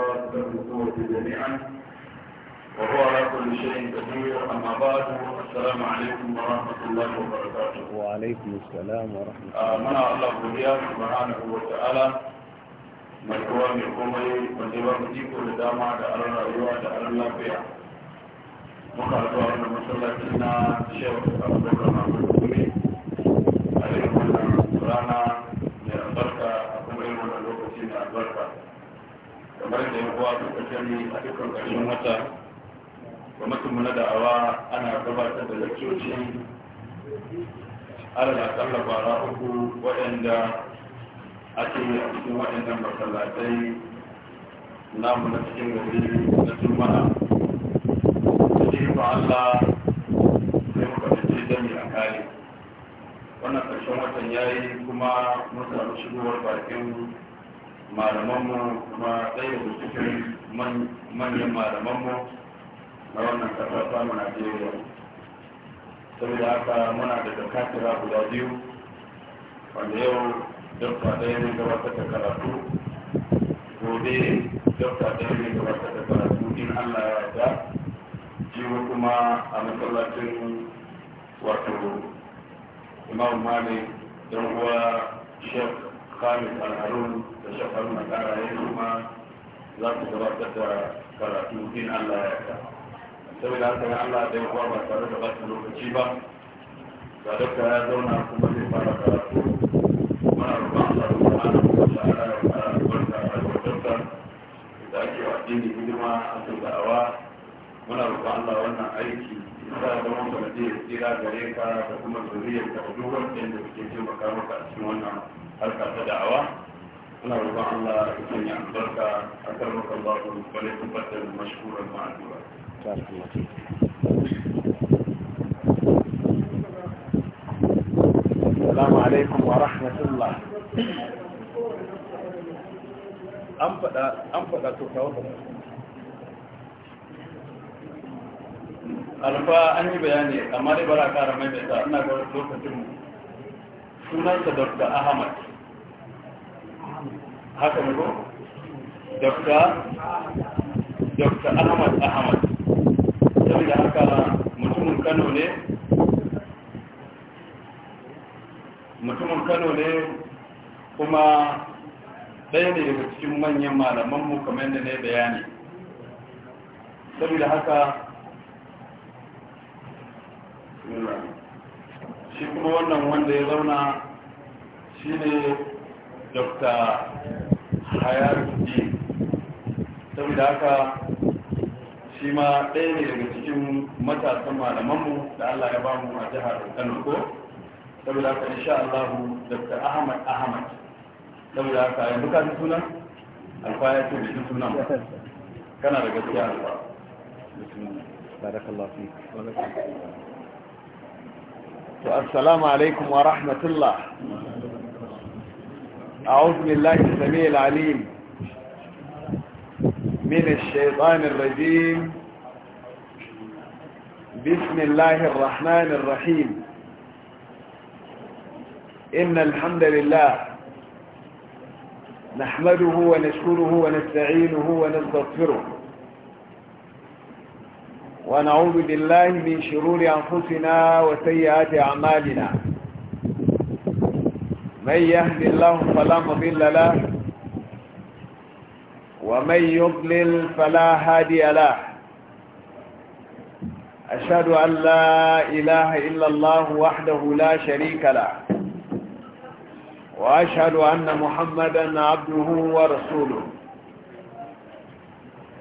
وأصحاب القوة جميعا وهو على كل شيء قدير أما بعد السلام عليكم ورحمة الله وبركاته وعليكم السلام ورحمة الله منع الله بذياء سبحانه وتعالى mai kowa mai komai wanda ba mu iko da dama da aron rayuwa da aron lafiya muka zuwa wannan masallaci na shehu abubakar mahmud ne a irin wannan rana mai albarka a kuma irin wannan lokaci mai albarka kamar da yawa kowa sani a dukkan ƙarshen wata gwamnatinmu na da'awa ana gabatar da lakcoci da akalla bara uku waɗanda ake yi a cikin waɗannan masallatai namu na cikin gari na juma'a da ba Allah sai muka fice jami a kare wannan ƙarshen watan ya yi kuma mun samu shigowar bakin mu kuma ɗaya da cikin manyan mu na wannan mu na najeriya saboda haka muna da zakatira guda biyu wanda yau dokta ɗaya ne gabatar da karatu gobe dokta ɗaya ne gabatar da karatu in allah ya yarda jiwa kuma a masallacin wato imam mali don uwa shek kamin al'arun da shafar makara ya kuma za su gabatar da karatu in allah ya yarda saboda haka ya allah da yawa ba tare da bata lokaci ba ga dokta ya zauna kuma zai fara karatu mana roƙon allah da kuma ana kuma shahara da kuma albarka da ake wa addini hidima a kan da'awa muna roƙon Allah wannan aiki za a zama sanadi ya tsira gare ka da kuma zuriyar ka da duk wanda da suke taimaka maka a cikin wannan harka ta da'awa muna roƙon Allah ya sanya albarka a kan maka Allah ku kwale tabbatar mashkuran ma'adura. السلام عليكم ورحمة الله أنفق أنفق تكوّن alfa an yi bayani amma dai bara kara mai bai ina ga lokacin mu sunansa dr ahmad haka ne ko dr dr ahmad ahmad saboda haka mutumin kano ne mutumin kano ne kuma ɗaya ne daga cikin manyan mu kamar yadda ne bayani saboda haka shi kuma wannan wanda ya zauna shi ne dr hayaruddin saboda haka shi ma ɗaya ne daga cikin matasan malamanmu da allah ya ba mu a jihar kano ko saboda haka insha allahu dr ahmad ahmad saboda haka yanzu ka ji sunan alfaya ce da sunan kana da gaskiya alfa بارك الله فيك السلام عليكم ورحمة الله أعوذ بالله السميع العليم من الشيطان الرجيم بسم الله الرحمن الرحيم إن الحمد لله نحمده ونشكره ونستعينه ونستغفره ونعوذ بالله من شرور أنفسنا وسيئات أعمالنا من يهد الله فلا مضل له ومن يضلل فلا هادي له أشهد أن لا إله إلا الله وحده لا شريك له وأشهد أن محمدا عبده ورسوله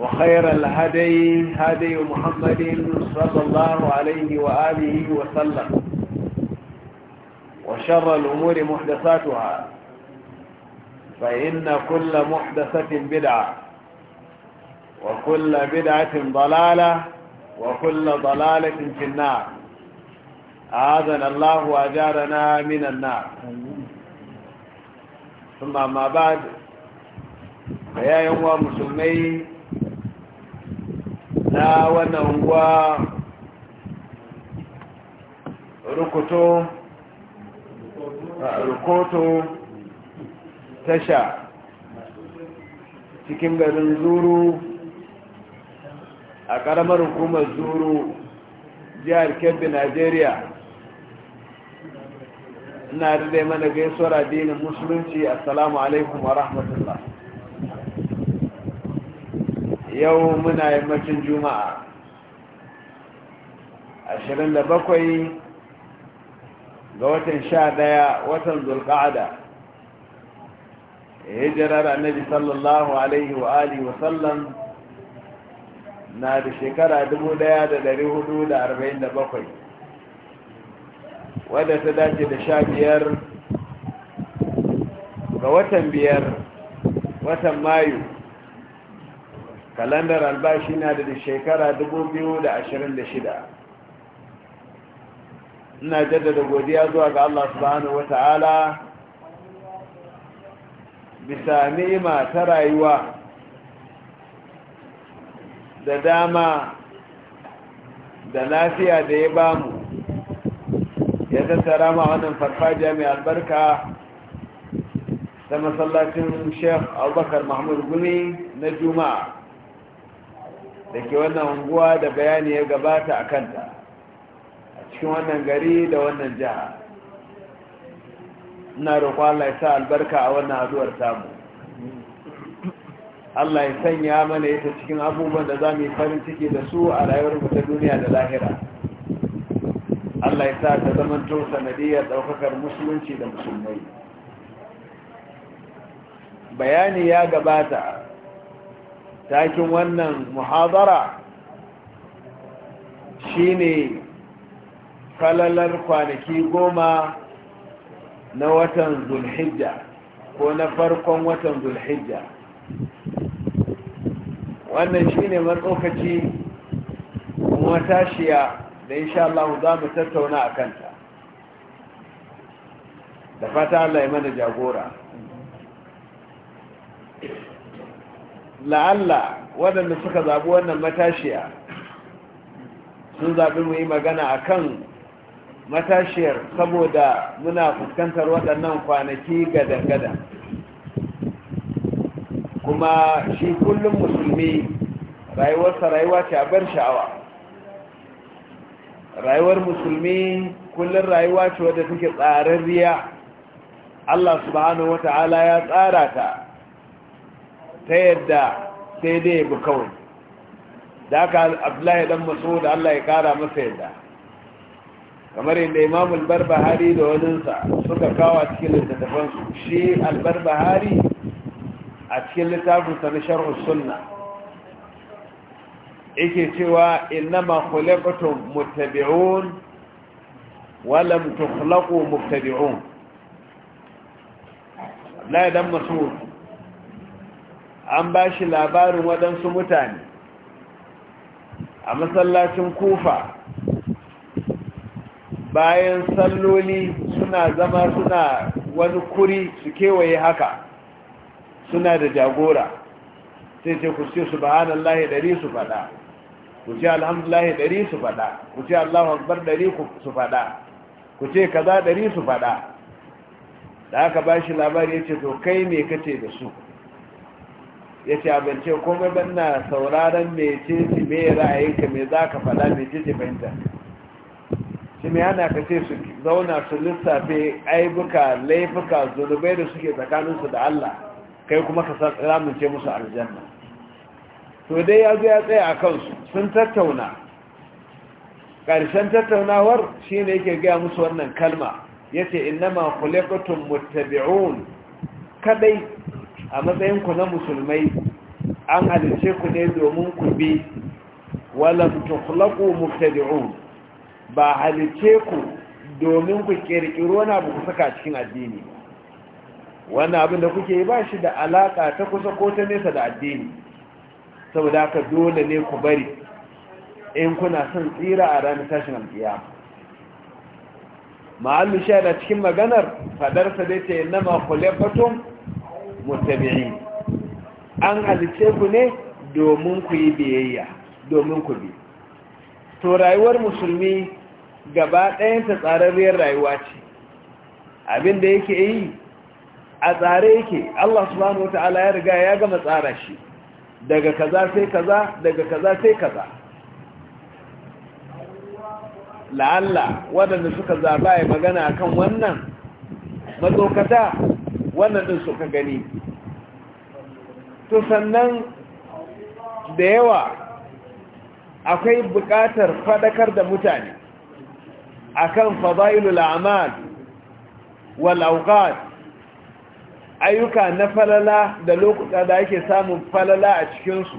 وخير الهدي هدي محمد صلى الله عليه وآله وسلم وشر الأمور محدثاتها فإن كل محدثة بدعة وكل بدعة ضلالة وكل ضلالة في النار أعاذنا الله وأجارنا من النار ثم ما بعد فيا يوم مسلمين na wannan ruwa rukuto rukoto tasha cikin garin zuru a ƙaramar hukumar zuru jihar kebbi nigeria ina da mana gaisuwar addinin musulunci assalamu alaikum wa rahmatullah yau muna macin juma'a 27 ga watan 11 watan zulqa'ada hijirar annabi sallallahu alaihi wa alihi wa sallam na da shekara 1447 wadda ta dace da sha biyar ga watan biyar watan mayu kalandar albashi na da shekara 2026 ina jaddada godiya zuwa ga Allah subhanahu wa ta'ala bisa ni'ima ta rayuwa da dama da lafiya da ya bamu ya tattara ma wannan farfajiya mai albarka ta masallacin Shekh abubakar mahmud gumi na juma'a da ke wannan unguwa da bayani ya gabata a kanta a cikin wannan gari da wannan jiha ina roƙo Allah ya sa albarka a wannan haduwar samu Allah ya sanya mana ita cikin abubuwan da za mu yi farin ciki da su a rayuwar ta duniya da lahira Allah ya sa ta zama to sanadiyar ɗaukakar musulunci da musulmai bayani ya gabata takin wannan muhazara shine falalar kwanaki goma na watan zulhijja ko na farkon watan zulhijja wannan shine matsokaci kuma tashiya da insha Allah za mu tattauna a kanta da fata Allah ya mana jagora la'alla waɗanda suka zaɓi wannan matashiya sun zaɓi mu yi magana a kan matashiyar saboda muna fuskantar waɗannan kwanaki gada-gada kuma shi kullum musulmi rayuwarsa rayuwa ce a bar sha'awa rayuwar musulmi kullum rayuwa ce wadda take tsararriya Allah subhanahu wata'ala ya tsara ta ta yadda sai dai ya bi kawai da aka abdullahi dan maso da allah ya kara masa yadda kamar yadda imam albarbahari da waninsa suka kawo a cikin littattafansu shi albarbahari a cikin littafinsa na sharhu sunna yake cewa innama khuliqatum muttabi'un wa lam tukhlaqu mubtadi'un la dan masud an ba shi labarin waɗansu mutane a masallacin kufa bayan salloli suna zama suna wani kuri su kewaye haka suna da jagora sai ce ku ce su subhanallahi dari su faɗa, ku ce alhamdulahi dari su faɗa, ku ce allahu akbar dari su faɗa, ku ce kaza dari su faɗa, da aka ba shi labari ya ce to kai ne kace da su ya ce abinci komai ban na sauraron mece ce mai ra'ayinka mai za ka fada mece ce fahimta shi mai hana ka ce su zauna su lissafe aibuka laifuka zunubai da suke tsakaninsu da Allah kai kuma ka ramince musu aljanna to dai ya zo ya tsaya a kansu sun tattauna ƙarshen tattaunawar shi ne yake gaya musu wannan kalma ya ce innama kulekutun mutabi'un kadai a matsayin ku na musulmai an halice ku ne domin ku bi walam tukhlaqu mubtadi'un ba halice ku domin ku kirkiro na ku saka cikin addini wannan abin da kuke yi ba shi da alaka ta kusa ko ta nesa da addini saboda ka dole ne ku bari in kuna son tsira a ranar tashin alkiyama ma'allu shaida cikin maganar fadarsa dai ta yi nama kulefatun mutabi'i an halice ku ne domin ku yi biyayya domin ku bi to rayuwar musulmi gaba ɗayanta tsararriyar rayuwa ce abin da yake yi a tsare yake Allah subhanahu wata'ala ya riga ya gama tsara shi daga kaza sai kaza daga kaza sai kaza la'alla waɗanda suka zaba ya magana akan wannan matsokata wannan din suka gani to sannan da yawa akwai buƙatar faɗakar da mutane akan fadailul amal wal awqat ayyuka na falala da lokuta da ake samun falala a cikinsu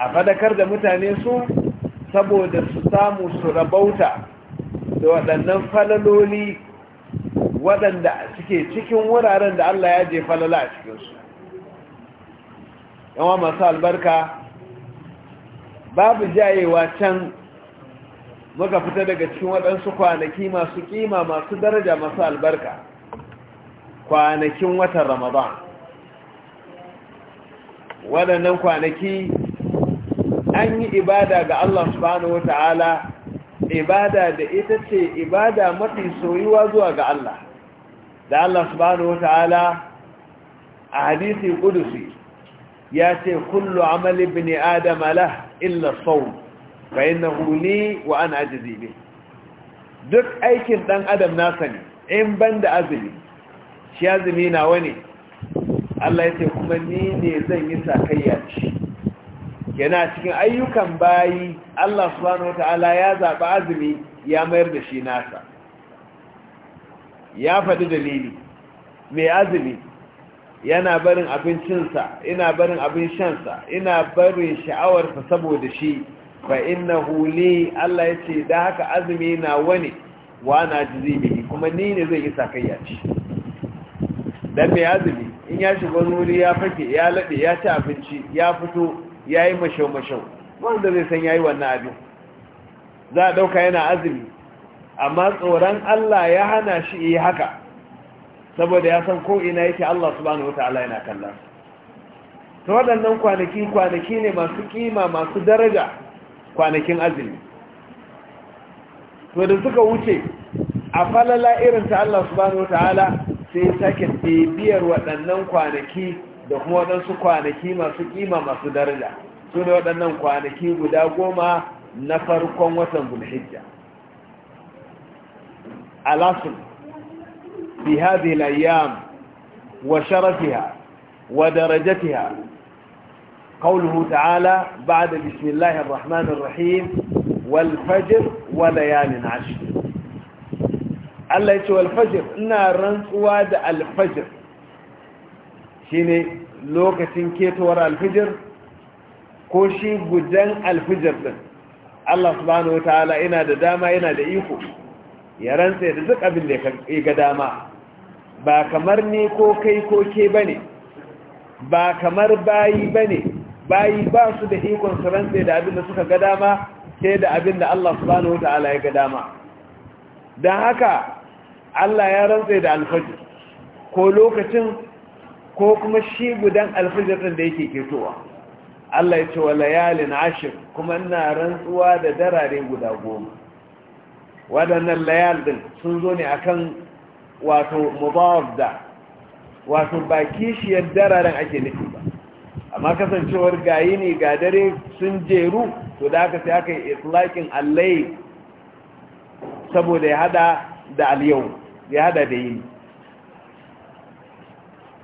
a faɗakar da mutane su saboda su samu su rabauta da waɗannan falaloli waɗanda suke cikin wuraren da Allah ya je falala a cikinsu yawa masu albarka babu jayewa can muka fita daga cikin waɗansu kwanaki masu ƙima masu daraja masu albarka kwanakin watan ramadan waɗannan kwanaki an yi ibada ga Allah subhanahu wa ta'ala ibada da ita ce ibada mafi soyuwa zuwa ga Allah da Allah subhanahu wa ta'ala a hadisi kudusi ya ce kullu amal ibn adam lah illa sawm fa innahu li wa ana ajzi bi duk aikin dan adam nasa ne in banda azumi shi azumi nawa ne Allah ya ce kuma ni ne zan yi sakayya ci yana cikin ayyukan bayi Allah subhanahu wataala ya zaba azumi ya mayar da shi nasa ya faɗi dalili mai azumi yana barin abincinsa ina barin abin shansa ina barin sha'awarsa saboda shi fa innahu li Allah yace da haka azumi na wani wa na jizibi kuma ni ne zai yi sakayya ci dan mai azumi in ya shiga wuri ya fake ya lade ya ci abinci ya fito yayi masho-masho, wanda zai san ya yi wannan abin za a dauka yana azumi amma tsoron Allah ya hana shi yi haka saboda ya san ko'ina yake Allah subhanahu wata'ala yana kallon ta waɗannan kwanaki kwanaki ne masu ƙima masu daraja kwanakin azumi to da suka wuce a falala irin ta Allah subhanahu wata'ala sai sake bibiyar waɗannan kwanaki da kuma waɗansu kwanaki masu ƙima masu daraja su ne waɗannan kwanaki guda goma na farkon watan bulhijja alasun في هذه الأيام وشرفها ودرجتها قوله تعالى بعد بسم الله الرحمن الرحيم والفجر وليال عشر الله يتوى الفجر إنا رنسوا دا الفجر شيني لوكة كيت وراء الفجر كوشي قدان الفجر ده. الله سبحانه وتعالى إنا دا داما إنا دا إيكو ya rantsa da duk abin da ya ga dama ba kamar ne ko kai ko ke ne, ba kamar bayi ba ne, bayi ba su da ikon su rantse da abin da suka ga dama sai da abin da Allah subhanahu Taala ya ga dama don haka Allah ya rantse da alfajir ko lokacin ko kuma shi gudan alfajir ɗin da yake ketowa Allah ya ce wa layalin ashir kuma ina rantsuwa da darare guda goma waɗannan layal din sun zo ne akan wato mubawar wato ba kishiyar dararen ake nufi ba amma kasancewar gayi ne ga dare sun jeru to da aka sai aka yi islakin allai saboda ya hada da alyau ya hada da yini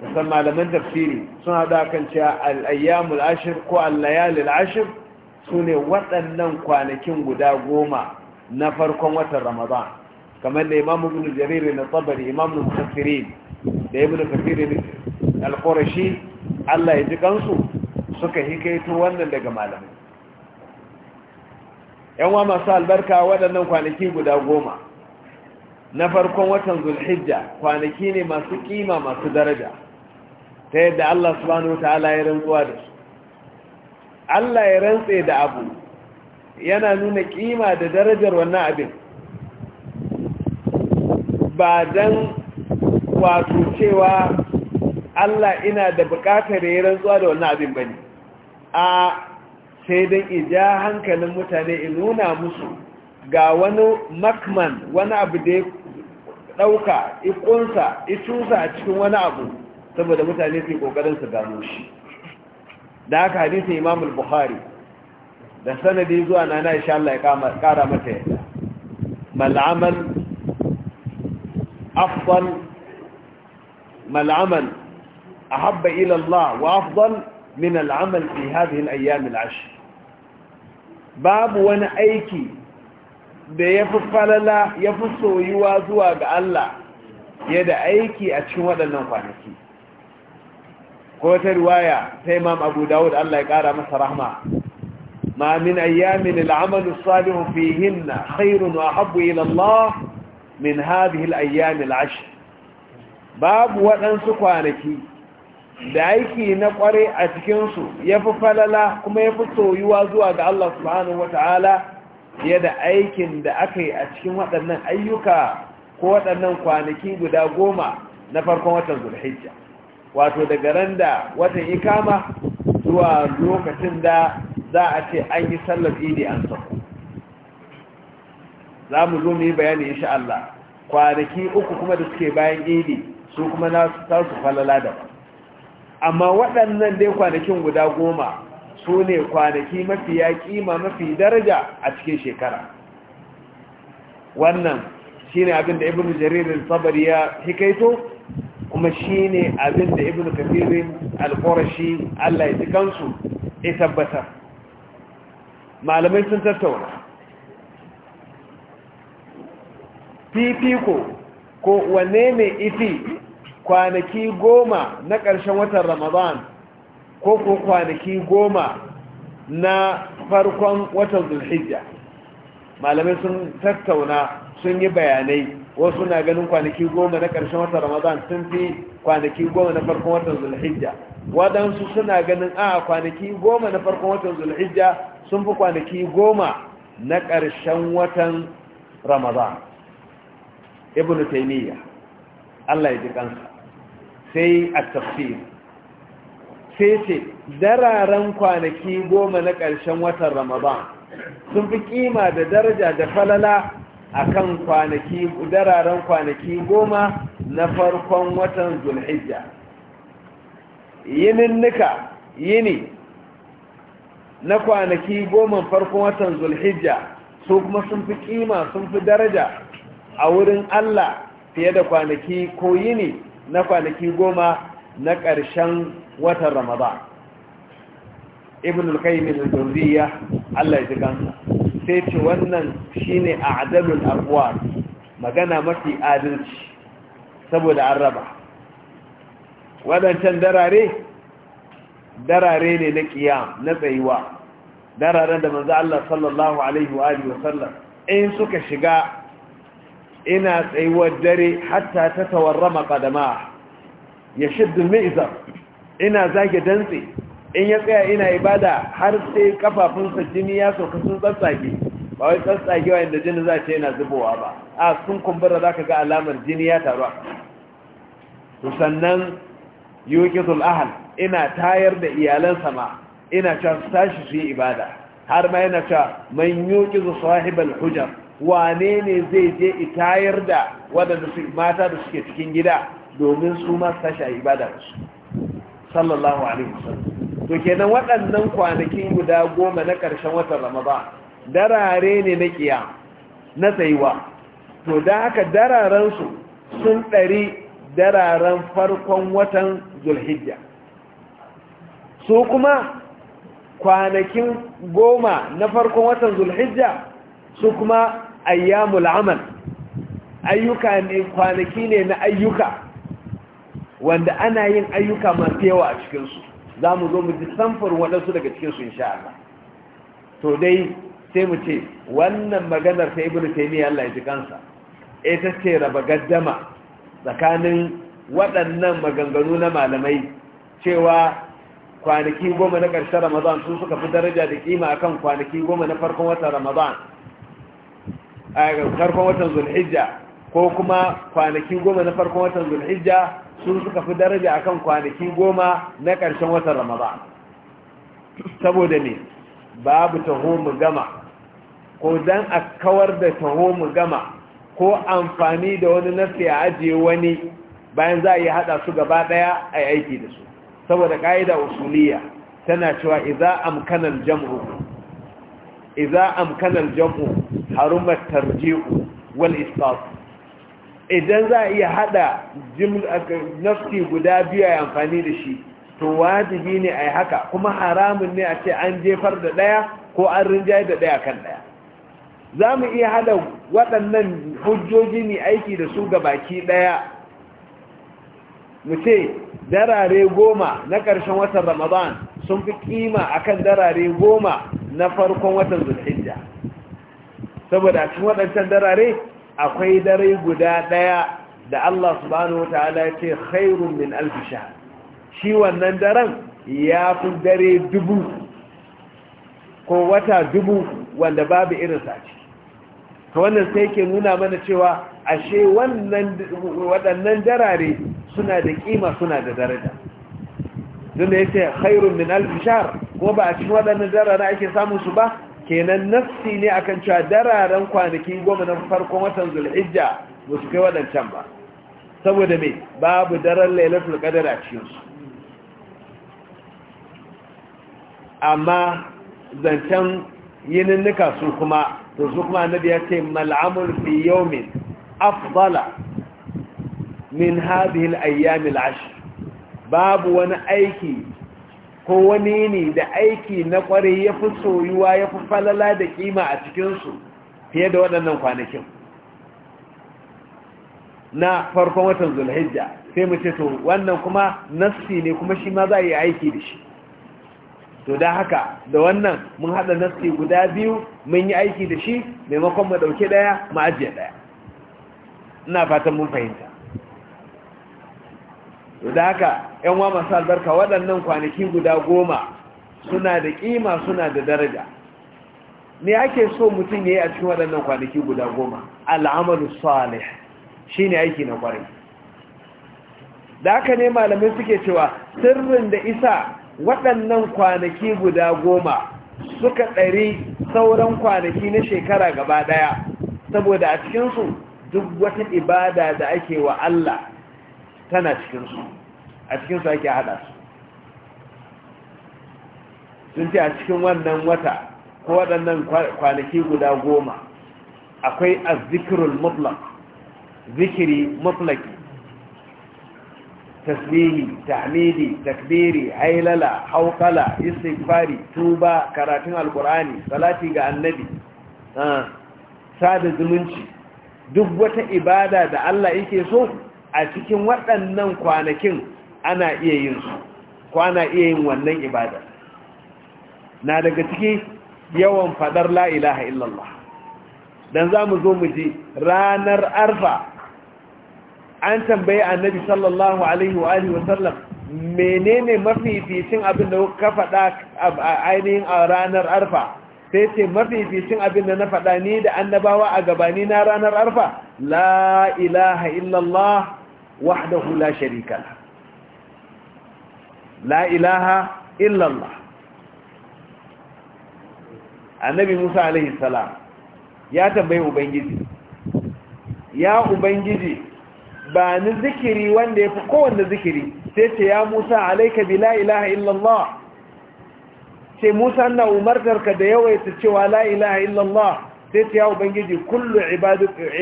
musamman malaman tafsiri sun hada kan cewa al'ayyamul ashir ko allayalil ashir su ne waɗannan kwanakin guda goma na farkon watan ramadan kamar da imamu ibn jarir na tabari imamu mufassirin da ibn kathir al-qurashi Allah ya ji kansu suka hikaito wannan daga malamai yan wa masu albarka waɗannan kwanaki guda goma na farkon watan zulhijja kwanaki ne masu kima masu daraja ta yadda Allah subhanahu ta'ala ya rantsuwa da su Allah ya rantse da abu yana nuna kima da darajar wannan abin ba don wato cewa Allah ina da bukatar ya rantsuwa da wannan abin bane a sai don ija hankalin mutane in nuna musu ga wani makman wani abu da ya ɗauka ikunsa icusa a cikin wani abu saboda mutane su kokarin su gano shi da aka hadisin imam al-bukhari da sanadi zuwa na, nana isha Allah ya kara mata yadda mal'amal أفضل ما العمل أحب إلى الله وأفضل من العمل في هذه الأيام العشر باب وانا أيكي بيففل الله يفسه ويوازوا بألا يدى أيكي أتشوه لنا فانكي قوة الرواية تيمام أبو داود الله يقال مسا رحمة ما من أيام العمل الصالح فيهن خير وأحب إلى الله min hadhihi al-ayyam al-ashr babu waɗansu kwanaki da aiki na kware a cikinsu su yafi falala kuma yafi soyuwa zuwa ga Allah subhanahu wa ta'ala da aikin da aka yi a cikin waɗannan ayyuka ko waɗannan kwanaki guda goma na farkon watan zulhijja wato daga ran da watan ikama zuwa lokacin da za a ce an yi sallar idi an sako zamu mu zo mu yi bayani insha Allah kwanaki uku kuma da suke bayan idi su kuma za su falala da amma waɗannan dai kwanakin guda goma su ne kwanaki mafi ya kima mafi daraja a cikin shekara wannan shi ne abin ibn jaririn sabar ya hikaito kuma shi ne abin da ibn kafirin alkorashi allah ya ji kansu ya tabbatar malamai sun tattauna fifiko ko wane ne ifi kwanaki goma na ƙarshen watan ramadan ko ko kwanaki goma na farkon watan zulhijja malamai sun tattauna sun yi bayanai wasu na ganin kwanaki goma na ƙarshen watan ramadan sun fi kwanaki goma na farkon watan zulhijja waɗansu suna ganin a kwanaki goma na farkon watan zulhijja sun fi kwanaki goma na ƙarshen watan ramadan ibn taymiya Allah ya ji kansa sai a tafsir sai ce dararan kwanaki goma na ƙarshen watan ramadan sun fi kima da daraja da falala akan kwanaki dararan kwanaki goma na farkon watan zulhijja Yinin yininnika yini na kwanaki goma farkon watan zulhijja su kuma sun fi kima sun fi daraja a wurin Allah fiye da kwanaki ko yini na kwanaki goma na ƙarshen watan Ramadan ibn al-qayyim al-jawziyya Allah ya kansa. sai ce wannan shine a'dalul aqwal magana mafi adalci saboda an raba wadancan darare darare ne na kiyam na tsayuwa dararen da manzo Allah sallallahu alaihi wa alihi wa sallam in suka shiga ina tsayuwar dare hatta ta tawarrama kadama ya shiddin ma'izar ina zage dantse in ya tsaya ina ibada har sai kafafunsa jini ya sauka sun tsatsage ba wai wa inda jini za ce yana zubowa ba a sun kumbura za ka ga alamar jini ya taruwa to sannan yukizul ahal ina tayar da iyalansa ma ina cewa su tashi su yi ibada har ma yana cewa man yukizu sahibal hujar wane ne zai je itayar da waɗanda mata da suke cikin gida domin su ma tashi a ibada su sallallahu alaihi wasallam to kenan waɗannan kwanakin guda goma na ƙarshen watan ramadan darare ne na ƙiya. na tsayuwa to da haka dararen sun ɗari dararen farkon watan zulhijja su kuma kwanakin goma na farkon watan zulhijja su kuma ayyamul amal ayyuka ne kwanaki ne na ayyuka wanda ana yin ayyuka masu yawa a cikinsu za mu zo mu ji samfar waɗansu daga cikinsu insha Allah to dai sai mu ce wannan maganar ta ibnu taymiya Allah ya ji kansa ta ce raba gaddama tsakanin waɗannan maganganu na malamai cewa kwanaki goma na ƙarshen ramadan sun suka fi daraja da kima akan kwanaki goma na farkon watan ramadan a farkon watan zulhijja ko kuma kwanaki goma na farkon watan zulhijja sun suka fi daraja akan kwanaki goma na ƙarshen watan ramadan saboda ne babu taho mu gama ko dan a kawar da taho mu gama ko amfani da wani nasi a ajiye wani bayan za a yi haɗa su gaba ɗaya a yi aiki da su saboda ƙa'ida usuliya tana cewa iza amkanan jam'u iza amkanar jam'u harumar tarji'u wal isqat idan za a iya hada nafsi guda biyu a amfani da shi to wajibi ne a yi haka kuma haramun ne a ce an jefar da ɗaya ko an rinjayi da ɗaya kan ɗaya za mu iya hada waɗannan hujjoji ne aiki da su ga baki ɗaya mu ce darare goma na ƙarshen watan ramadan sun fi kima akan darare goma na farkon watan zulhijja saboda a cikin waɗancan darare akwai dare guda ɗaya da Allah subhanahu wa ta'ala ya ce khairun min al shi wannan daren ya fi dare dubu ko wata dubu wanda babu irin ce ta wannan sai ke nuna mana cewa ashe waɗannan darare suna da ƙima suna da daraja zunda ya ce hairun min alfishar ko ba a cikin waɗannan darare ake samun su ba kenan nafsi ne akan cewa dararen kwanaki goma na farkon watan zulhijja ba su kai waɗancan ba saboda mai babu daren lailatul qadar a su. amma zancen yininnika su kuma to su kuma annabi ya ce mal'amul fi yawmin afdala min hadhihi al-ayyam al-ashr babu wani aiki ko wani ne da aiki na kwarai ya fi soyuwa ya fi falala da kima a cikinsu fiye da waɗannan kwanakin na farkon watan zulhijja sai mu ce to wannan kuma nassi ne kuma shi ma za a yi aiki da shi to da haka da wannan mun haɗa nassi guda biyu mun yi aiki da shi maimakon mu ɗauke ɗaya mu ajiye ɗaya ina fatan mun fahimta da haka yan wa masu albarka waɗannan kwanaki guda goma suna da ƙima suna da daraja me ake so mutum ya yi a cikin waɗannan kwanaki guda goma al'amalu salih shi ne aiki na ƙwarai da haka ne malamai suke cewa sirrin da isa waɗannan kwanaki guda goma suka ɗari sauran kwanaki na shekara gaba ɗaya saboda a cikinsu duk wata ibada da ake wa Allah tana cikinsu a cikinsu ake haɗa su sun ce a cikin wannan wata ko waɗannan kwanaki guda goma akwai zikirul mutlak zikiri mutlaki tasbihi tahmidi takbiri hailala haukala istighfari tuba karatun alkur'ani salati ga annabi ah, sada zumunci duk wata ibada da Allah yake so a cikin waɗannan kwanakin ana iya yin su kwana iya yin wannan ibada na daga ciki yawan fadar la ilaha illallah dan za mu zo mu ji ranar arfa an tambaye annabi sallallahu alaihi wa alihi wasallam menene mafificin abin da ka faɗa ainihin a ranar arfa sai ce mafificin abin da na faɗa ni da annabawa a gabani na ranar arfa la ilaha illallah wahdahu la sharika la la ilaha illa Allah annabi Musa alaihi salam ya tambayi ubangiji ya ubangiji ba ni zikiri wanda ya fi kowanne zikiri sai ce ya Musa alayka bi la ilaha illa Allah ce Musa na umartarka da yawaita cewa la ilaha illa Allah sai ce ya ubangiji kullu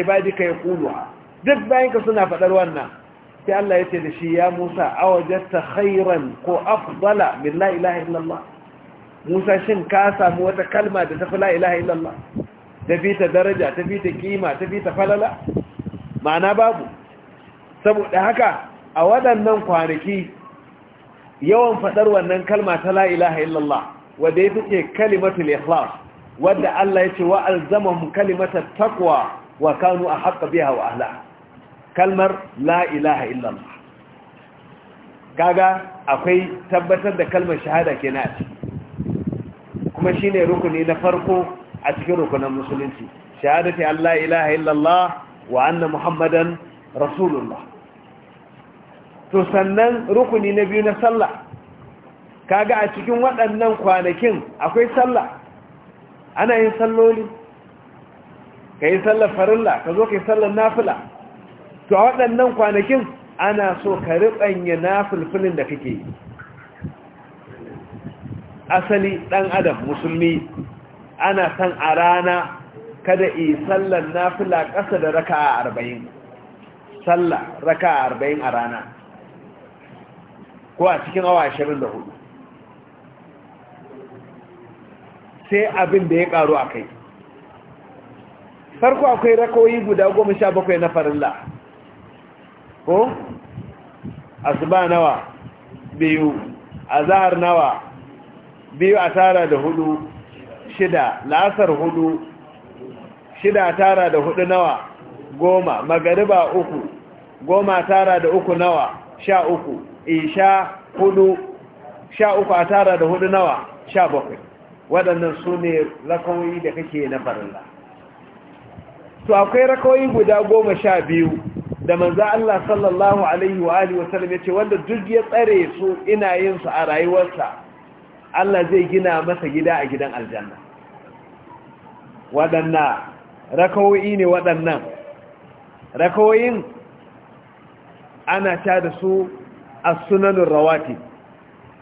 ibadika yaquluha duk bayanka suna fadar wannan sai Allah ya ce da shi ya Musa awajatta khairan ko afdala min la ilaha illallah Musa shin ka samu wata kalma da tafi la ilaha illallah tafi ta daraja tafi ta kima tafi ta falala ma'ana babu saboda haka a waɗannan kwanaki yawan faɗar wannan kalma ta la ilaha illallah wadda ya fice kalimatul ikhlas wadda Allah ya ce wa alzamahum kalimatat taqwa wa kanu ahqqa biha wa ahliha kalmar la ilaha illallah kaga akwai tabbatar da kalmar shahada kenan a kuma shine rukuni na farko a cikin rukunin musulunci shahadati Allah ilaha illallah wa anna muhammadan rasulullah to sannan rukuni na biyu na sallah kaga a cikin waɗannan kwanakin akwai sallah ana yin salloli ka yi sallar farilla ka zo ka yi sallar nafila to a waɗannan kwanakin ana so ka riɓanya na fulfilin da kake asali ɗan adam musulmi ana san a rana kada yi sallar nafila ƙasa da raka a arba'in sallar raka a arba'in a rana ko a cikin awa ashirin da hudu sai abin da ya ƙaru a kai farko akwai rakoyi guda goma sha bakwai na farilla ko asuba nawa biyu azahar nawa biyu a tara da hudu shida lasar hudu shida tara da hudu nawa goma magariba uku goma tara da uku nawa sha uku isha hudu sha uku a tara da hudu nawa sha bakwai waɗannan su ne rakawoyi da kake na farilla to akwai rakawai guda goma sha biyu da manza Allah sallallahu alaihi wa alihi wasallam ce, wanda duk ya tsare su ina yin su a rayuwarsa Allah zai gina masa gida a gidan aljanna Waɗannan rakawoyi ne waɗannan. rakawoyin ana ta da su a sunanin rawati,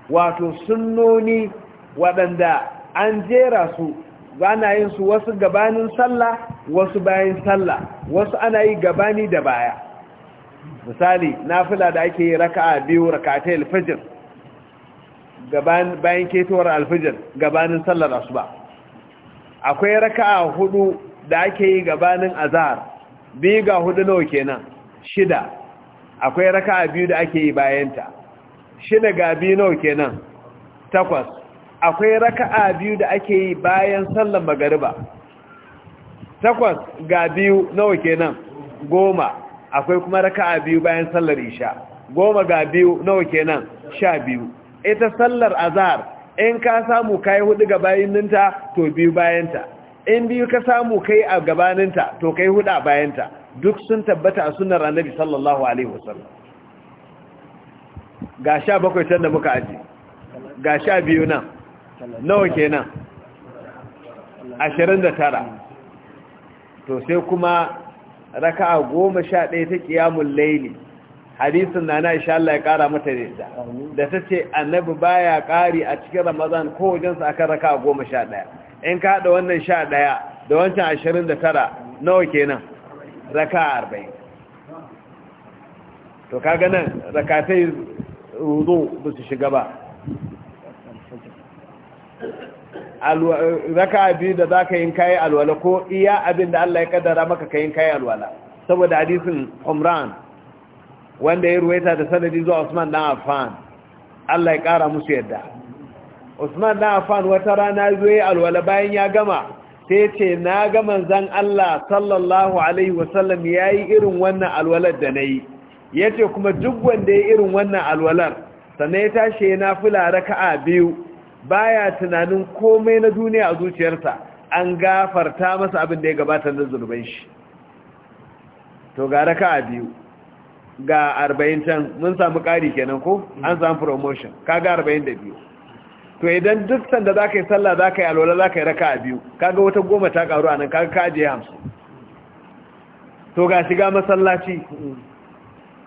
wato sunnoni waɗanda an jera su ana yin su wasu gabanin sallah wasu bayan sallah wasu ana yi gabani da baya misali nafila da ake yi raka'a biyu raka'atai alfajir bayan ketowar alfajir gabanin sallar asuba akwai raka'a hudu da ake yi gabanin azahar, biyu ga hudu nawa kenan shida akwai raka'a biyu da ake yi bayanta shida ga biyu nawa kenan takwas akwai raka'a biyu da ake yi bayan sallar magariba takwas ga biyu nawa kenan goma akwai kuma raka a biyu bayan sallar isha goma ga biyu nawa kenan sha biyu ita sallar Azar in ka samu kai hudu ga ninta to biyu bayanta in biyu ka samu kai a gabaninta to kai hudu a bayanta duk sun tabbata a sunnar annabi sallallahu alaihi wasallam ga sha bakwai can da muka aji ga sha biyu nan nawa kenan ashirin da tara to sai kuma raka'a goma sha ɗaya ta ƙiyamun laili hadisin na na isha Allah ya ƙara mata da da ta ce annabi ba ya ƙari a cikin ramazan ko wajensa a kan raka'a goma sha ɗaya in ka haɗa wannan sha ɗaya da wancan ashirin da tara nawa kenan raka'a arba'in to ka ganin rakatai ruzo ba su shiga ba raka biyu da za ka yin kayi alwala ko iya abin da Allah ya kaddara maka ka yin kayi alwala saboda hadisin umran wanda ya ruwaita da sanadi zuwa usman dan affan Allah ya kara musu yadda usman dan affan wata rana zuwa yi alwala bayan ya gama sai ce na gama zan Allah sallallahu alaihi wasallam yayi irin wannan alwalar da nayi yace kuma duk wanda ya irin wannan alwalar sannan ya tashi na fula raka'a biyu baya tunanin komai na duniya a zuciyarsa an gafarta masa abin da ya gabata na zunuban shi to ga raka a biyu ga arba'in can mun samu ƙari kenan ko an samu promotion ka ga arba'in da biyu to idan duk sanda za ka yi sallah za ka yi alwala za ka yi raka a biyu ka ga wata goma ta ƙaru a nan ka ka je hamsu to ga shiga masallaci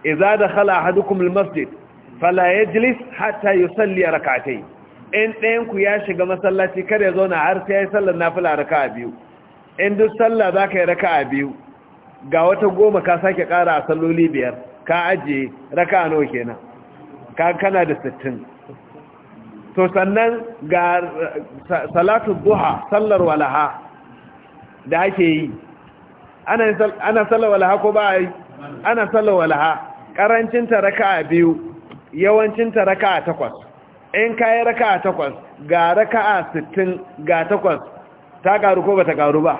iza da khala ahadukum al-masjid fala yajlis hatta yusalli rak'atayn in ɗayan ku ya shiga masallaci kada ya zauna har sai ya yi sallar nafila raka a biyu in duk sallah za ka yi raka a biyu ga wata goma ka sake ƙara a salloli biyar ka ajiye raka a nawa kenan ka kana da sittin to sannan ga salatu duha sallar walaha da ake yi ana sallar walaha ko ba a yi ana sallar walaha ƙarancinta raka a biyu yawancinta raka a takwas in ka yi raka a takwas ga raka a sittin ga takwas ta karu ko ba ta karu ba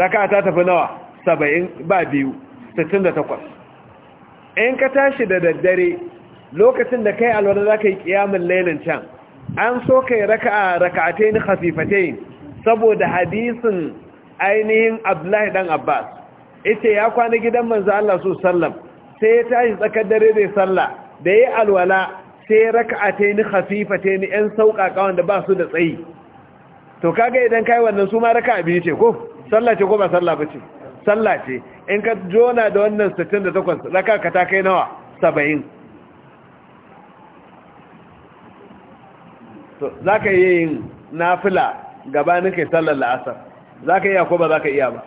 raka ta tafi nawa saba'in ba biyu sittin da takwas in ka tashi da daddare lokacin da kai alwada za ka yi kiyamun lailin can an so ka yi raka a raka'atain hafifatai saboda hadisin ainihin abdullahi dan abbas ita ya kwana gidan manzo Allah su sallam sai ya tashi tsakar dare zai sallah, da ya alwala sai raka'atai ni khafifatai ni ƴan sauƙaƙa wanda ba su da tsayi to kaga idan kai wannan su ma raka'a biyu ce ko sallah ce ko ba sallah ba ce sallah ce in ka jona da wannan 68 raka'a ka ta kai nawa 70 to zaka yi yin nafila gabanin kai sallar la'asar zaka iya ko ba zaka iya ba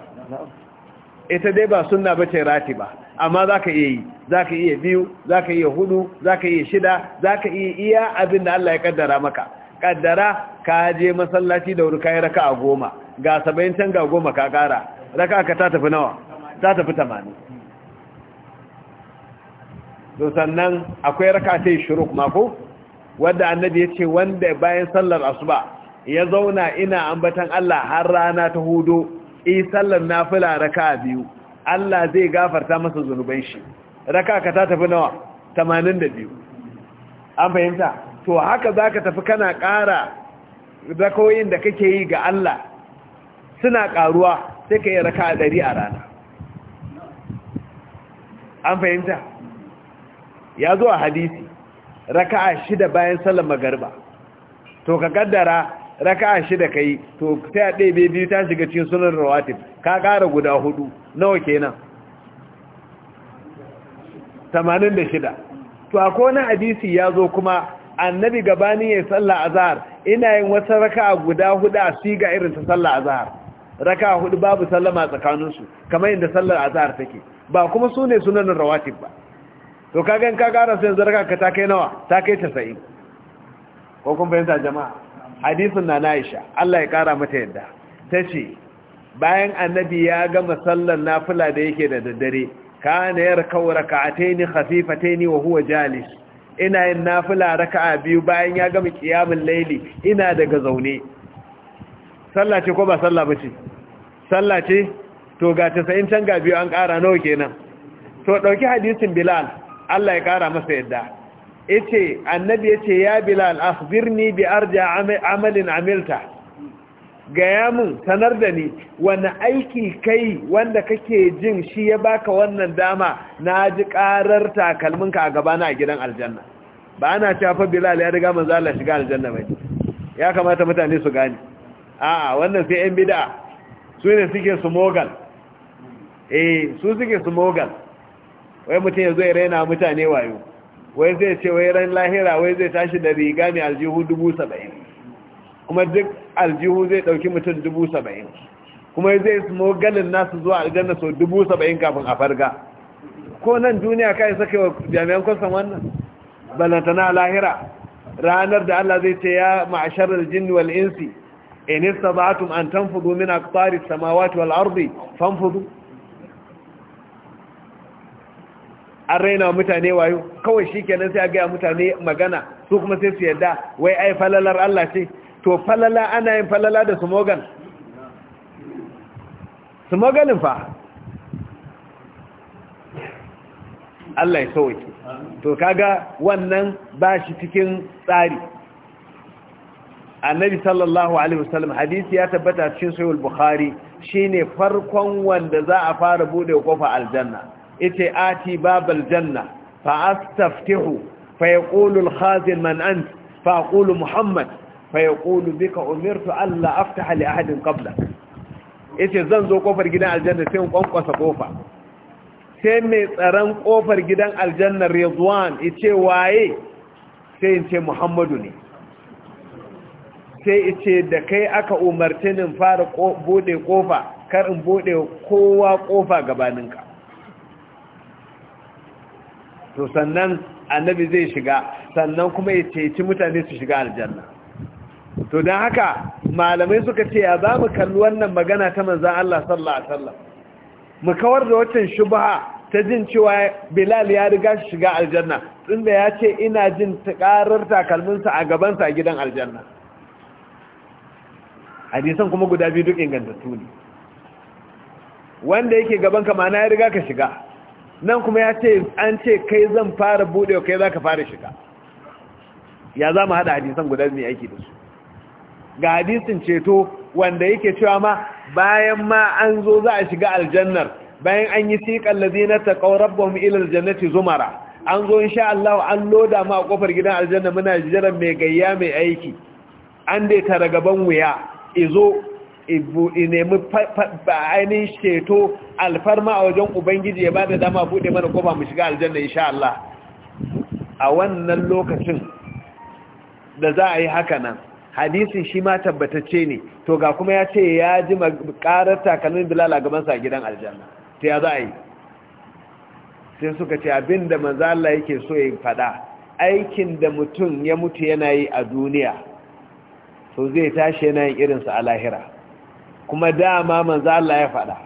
ita dai ba sunna bace ratiba amma za ka iya yi za ka iya biyu za ka iya hudu za ka iya shida za ka iya iya abin da Allah ya kaddara maka kaddara ka je masallaci da wuri ka yi raka a goma ga saba'in can ga goma ka kara raka ka ta tafi nawa ta tafi tamanin to sannan akwai raka ta yi mako wadda annabi ya ce wanda bayan sallar asuba ya zauna ina ambatan Allah har rana ta hudu i sallar nafila raka biyu Allah zai gafarta masa zunuban shi raka ka ta tafi nawa 82 an fahimta to haka za ka tafi kana ƙara rakoyin da kake yi ga Allah suna ƙaruwa sai ka yi raka a ɗari a rana an fahimta ya zo a hadisi raka a shida bayan salama Garba to ka kaddara raka'a shida kai to ta ɗebe biyu ta shiga cikin sunan rawatib ka ƙara guda hudu nawa kenan 86 to ko na hadisi ya zo kuma annabi gabanin ya sallah azhar ina yin wata raka'a guda hudu a siga irin ta sallah azhar raka'a hudu babu sallama tsakaninsu kamar yadda sallar azhar take ba kuma su ne sunanin rawatib ba to kagan ka ƙara sai zarga ka ta kai nawa ta kai 90 ko kun fahimta jama'a hadisin na Aisha Allah ya kara mata yadda tace bayan annabi ya gama sallan nafila da yake da daddare kana yarkau rak'ataini khafifataini wa huwa jalis ina yin nafila raka'a biyu bayan ya gama qiyamul layli ina daga zaune sallah ce ko ba sallah bace sallah ce to ga 90 can ga biyu an kara nawa kenan to dauki hadisin Bilal Allah ya kara masa yadda yace annabi yace ya bilal akhbirni bi arja amalin amilta gaya mun sanar da ni wani aiki kai wanda kake jin shi ya baka wannan dama na ji karar takalminka a gabana a gidan aljanna ba ana cewa bilal ya riga manzo Allah shiga aljanna bai ya kamata mutane su gane a'a wannan sai yan bid'a su ne suke su mogal eh su suke su mogal wai mutum ya zo ya raina mutane wayo wai zai ce wai ran lahira wai zai tashi da riga mai aljihu dubu saba'in kuma duk aljihu zai ɗauki mutum dubu saba'in kuma zai smo ganin nasu zuwa aljanna sau dubu saba'in kafin a farga ko nan duniya ka yi saka jami'an kwasan wannan balantana lahira ranar da Allah zai ce ya ma'asharar aljin wal insi in istata'tum an tanfudu min aqtaris samawati wal ardi fanfudu an raina wa mutane wayo kawai shi kenan sai a gaya mutane magana su kuma sai su yadda wai ai falalar Allah ce to falala ana yin falala da smogan smoganin fa Allah ya sauke to kaga wannan ba shi cikin tsari annabi sallallahu alaihi wasallam hadisi ya tabbata cikin sahih al-bukhari shine farkon wanda za a fara bude kofa aljanna yace ati babal janna fa astaftihu fa yaqulu al-khazin man ant fa aqulu muhammad fa yaqulu bika umirtu alla aftaha li ahadin qablak zan zo kofar gidan aljanna sai in kwankwasa kofa sai mai tsaron kofar gidan aljanna rizwan ice waye sai in ce muhammadu ne sai ice da kai aka umartinin fara bude kofa kar in bude kowa kofa gabaninka to sannan annabi zai shiga sannan kuma ya ceci mutane su shiga aljanna to don haka malamai suka ce ya za mu kalli wannan magana ta manzan Allah sallallahu Alaihi wasallam mu kawar da watan shubha ta jin cewa bilal ya riga shi shiga aljanna tunda ya ce ina jin karar takalminsa a gabansa a gidan aljanna hadisan kuma guda biyu duk ingantattu ne wanda yake gaban ka ma na ya riga ka shiga nan kuma ya ce an ce kai zan fara buɗe kai za ka fara shiga ya za mu haɗa hadisan guda mai aiki da su ga hadisin ceto wanda yake cewa ma bayan ma an zo za a shiga aljannar bayan an yi siƙan lazina ta ƙaurabbahun ilar jannati zumara an zo sha Allah an loda ma a ƙofar gidan aljanna muna jiran mai gayya mai aiki an dai tara gaban wuya izo nemi ainihin sheto alfarma a wajen ubangiji ya ba da dama buɗe mana kofa mu shiga aljanna insha Allah a wannan lokacin da za a yi haka nan hadisin shi ma tabbatacce ne to ga kuma ya ce ya ji karar takalmin bilal a gabansa a gidan aljanna ta ya za a yi sai suka ce abinda da manzala yake so ya fada aikin da mutum ya mutu yana yi a duniya to zai tashi yana yin irinsa a lahira kuma dama manzo Allah ya faɗa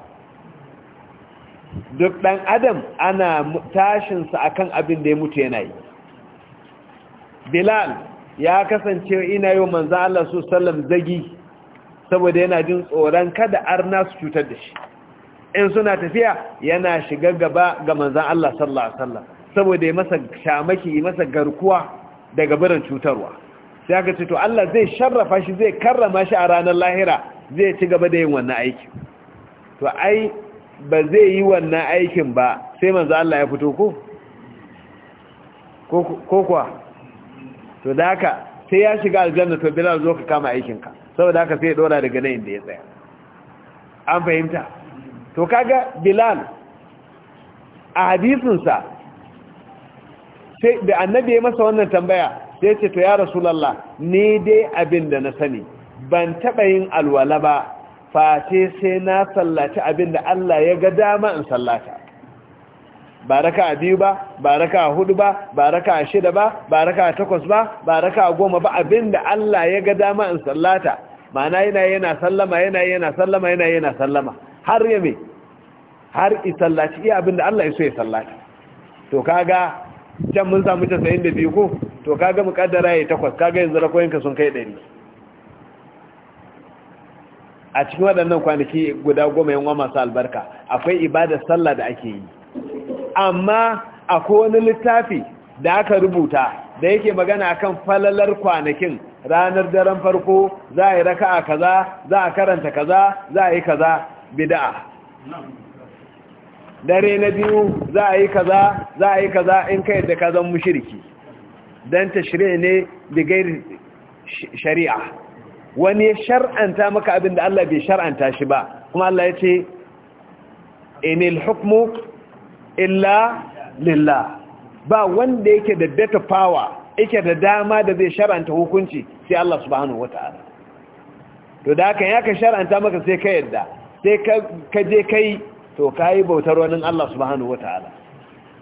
duk ɗan adam ana tashinsa akan abin da ya mutu yana yi bilal ya kasance ina yau manzo Allah su sallam zagi saboda yana jin tsoron kada arna su cutar da shi in suna tafiya yana shiga gaba ga manzo Allah sallallahu alaihi saboda ya masa shamaki masa garkuwa daga barin cutarwa sai aka ce to Allah zai sharrafa shi zai karrama shi a ranar lahira zai ci gaba da yin wannan aikin to ai ba zai yi wannan aikin ba sai manzo Allah ya fito ko ko kuwa to da haka sai ya shiga aljanna to bilal zo ka kama aikin ka saboda haka sai ya dora daga nan inda ya tsaya an fahimta to kaga bilal a hadisin sa sai da annabi ya masa wannan tambaya sai ce to ya rasulallah ni dai abin da na sani ban taɓa yin alwala ba face sai na sallaci abin da Allah ya ga dama in sallata ba raka biyu ba ba raka hudu ba ba raka shida ba ba raka takwas ba ba raka goma ba abin da Allah ya ga dama in sallata ma'ana yana yana sallama yana yana sallama yana yana sallama har yame har isallaci iya abin da Allah ya so ya sallata to kaga can mun samu 92 ko to kaga mukaddara yayi takwas kaga yanzu rakoyinka sun kai ɗari. a cikin waɗannan kwanaki guda goma yan masu albarka akwai ibadar sallah da ake yi amma akwai wani littafi da aka rubuta da yake magana akan falalar kwanakin ranar daren farko za a yi raka'a kaza za a karanta kaza za a yi kaza bida'a. dare na biyu za a yi kaza za a yi kaza in kai da kazan mushriki dan shirye ne gairi shari'a wani ya shar'anta maka abin da Allah bai shar'anta shi ba kuma Allah ya ce inil hukmu illa lillah ba wanda yake da data power yake da dama da zai shar'anta hukunci sai Allah subhanahu wata'ala to da haka ya ka shar'anta maka sai ka yarda sai ka je kai to kayi bautar wani Allah subhanahu wata'ala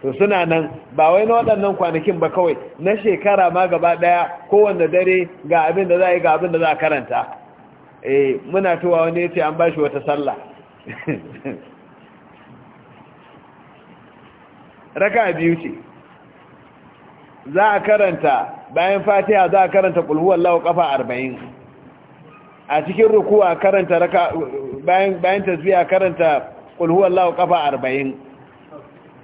to suna nan ba wai na waɗannan kwanakin ba kawai na shekara ma gaba ɗaya kowanne dare ga abin da za a yi ga abin da za a karanta eh muna tuwa wani ya ce an ba shi wata sallah raka biyu ce za a karanta bayan fatiha za a karanta kulhuwar lawa kafa arba'in a cikin rukuwa karanta raka bayan tasbiya karanta ƙulhuwallahu ƙafa arba'in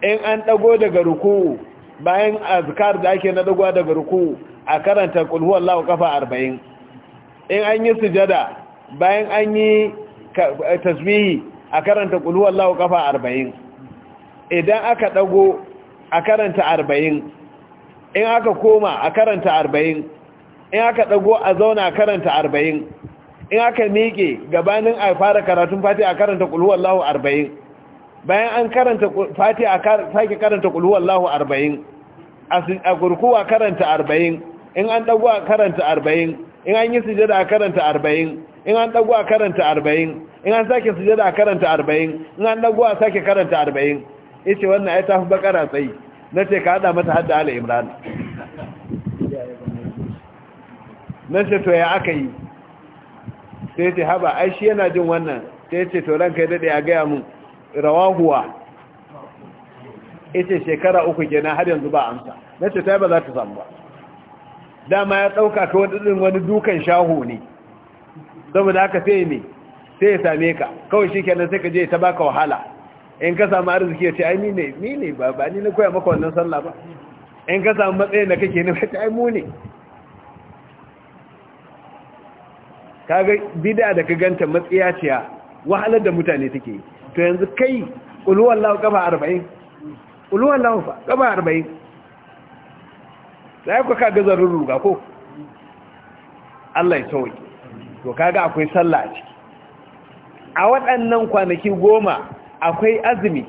in an ɗago daga ruku bayan azkar da ake na ɗagowa daga ruku a karanta ƙulhuwallahu ƙafa arba'in in an yi sujada bayan an yi tasbihi a karanta ƙulhuwallahu ƙafa arba'in idan aka ɗago a karanta arba'in in aka koma a karanta arba'in in aka ɗago a zauna a karanta arba'in in aka miƙe gabanin a fara karatun fati a karanta kulhuwallahu arba'in bayan an karanta fati a sake karanta kulhuwallahu arba'in a gurkuwa karanta arba'in in an ɗagu a karanta arba'in in an yi sujada a karanta arba'in in an ɗagu a karanta arba'in in an sake sujada a karanta arba'in in an ɗagu a sake karanta arba'in ita wannan ya tafi bakara tsayi na ce ka haɗa mata hadda ala imran na ce to ya aka yi sai ce haba ai shi yana jin wannan sai ce to ranka ya dade a gaya mun rawahuwa ita shekara uku kenan har yanzu ba amsa na ce ta ba za ta samu ba dama ya ɗauka ka waɗin wani dukan shaho ne saboda haka sai ne sai ya same ka kawai shi kenan sai ka je ta baka wahala in ka samu arziki ya ce ai ni ne ni ne ba ba ni na koya maka wannan sallah ba in ka samu matsayin da kake na ai mu ne kaga bid'a da ka ganta matsiyaciya wahalar da mutane take to yanzu kai ulwallahu lawa 40 ulwallahu lawa 40 sai ku kaga zarur ruga ko Allah ya tsawoke to kaga akwai sallah a ciki a waɗannan kwanaki goma akwai azumi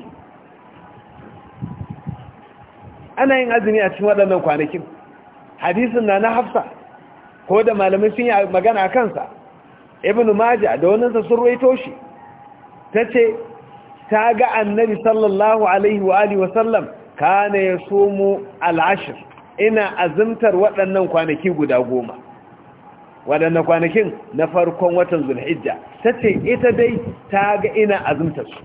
ana yin azumi a cikin waɗannan kwanakin hadisin na na hafsa ko da malamai sun yi magana a kansa ibn maja da waninsa sun ruwaito shi ta ce ta ga annabi sallallahu alaihi wa alihi kana ya somo al'ashir ina azumtar waɗannan kwanaki guda goma waɗannan kwanakin na farkon watan zulhijja ta ce ita dai ta ga ina azumtar su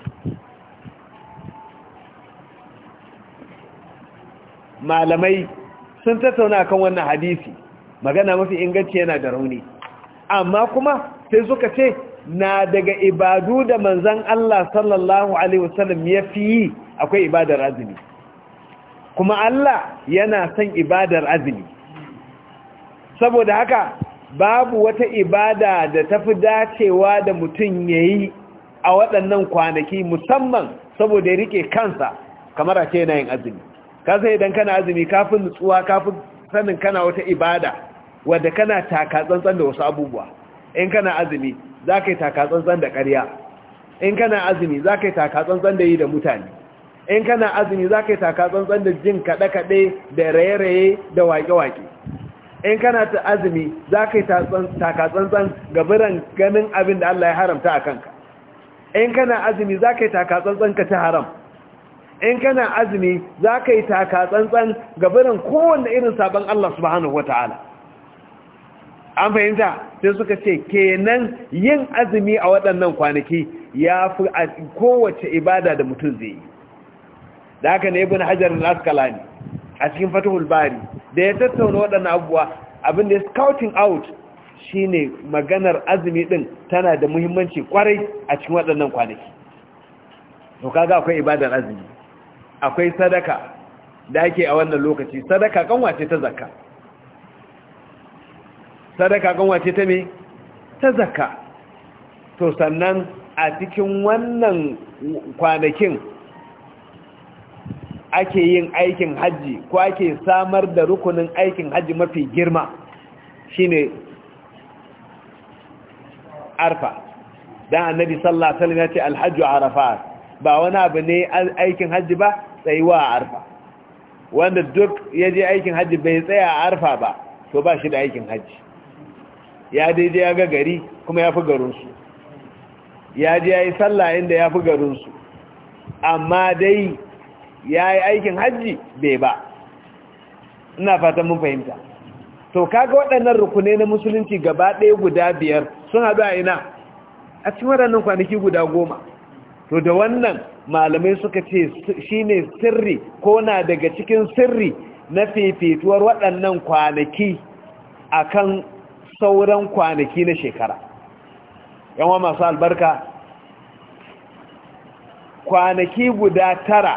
malamai sun tattauna kan wannan hadisi magana mafi inganci yana da rauni amma kuma sai suka ce na daga ibadu da manzan Allah sallallahu Alaihi wasallam ya fi yi akwai ibadar azumi kuma Allah yana son ibadar azumi saboda haka babu wata ibada da tafi dacewa da mutum ya yi a waɗannan kwanaki musamman saboda ya rike kansa kamar a ce yana yin azumi kasa idan kana azumi kafin nutsuwa kafin sanin kana wata ibada wadda kana taka tsantsan da wasu abubuwa in kana azumi za ka yi takatsantsan da ƙarya in kana azumi za ka yi takatsantsan da yi da mutane in kana azumi za ka yi takatsantsan da jin kaɗe-kaɗe da raye-raye da waƙe-waƙe in kana ta azumi za ka yi takatsantsan ga biran ganin abin da Allah ya haramta a kanka in kana azumi za ka yi takatsantsan ka ci haram in kana azumi za ka yi takatsantsan ga biran kowanne irin sabon Allah subhanahu wa ta'ala an fahimta sai suka ce kenan yin azumi a waɗannan kwanaki ya fi a kowace ibada da mutum zai yi da haka ne ibn hajar al a cikin fatihul bari da ya tattauna waɗannan abubuwa abin da ya scouting out shine maganar azumi ɗin tana da muhimmanci kwarai a cikin waɗannan kwanaki to kaga akwai ibadar azumi akwai sadaka da ake a wannan lokaci sadaka kanwace ta zakka sadaka kan wace ta ne ta zakka to sannan a cikin wannan kwanakin ake yin aikin hajji ko ake samar da rukunin aikin hajji mafi girma shine arfa dan annabi sallallahu alaihi wasallam ya ce alhajju arafat ba wani abu ne aikin hajji ba tsayuwa a arfa wanda duk ya je aikin hajji bai tsaya a arfa ba to ba shi da aikin hajji ya daidai ya ga gari kuma ya fi garinsu ya ji ya yi sallah inda ya fi garinsu amma dai ya yi aikin hajji bai ba ina fatan mun fahimta to kaga waɗannan rukunai na musulunci gaba ɗaya guda biyar sun haɗu a ina a cikin waɗannan kwanaki guda goma to da wannan malamai suka ce shi ne sirri ko na daga cikin sirri na fefetuwar waɗannan kwanaki akan sauran kwanaki na shekara yawan masu albarka kwanaki guda tara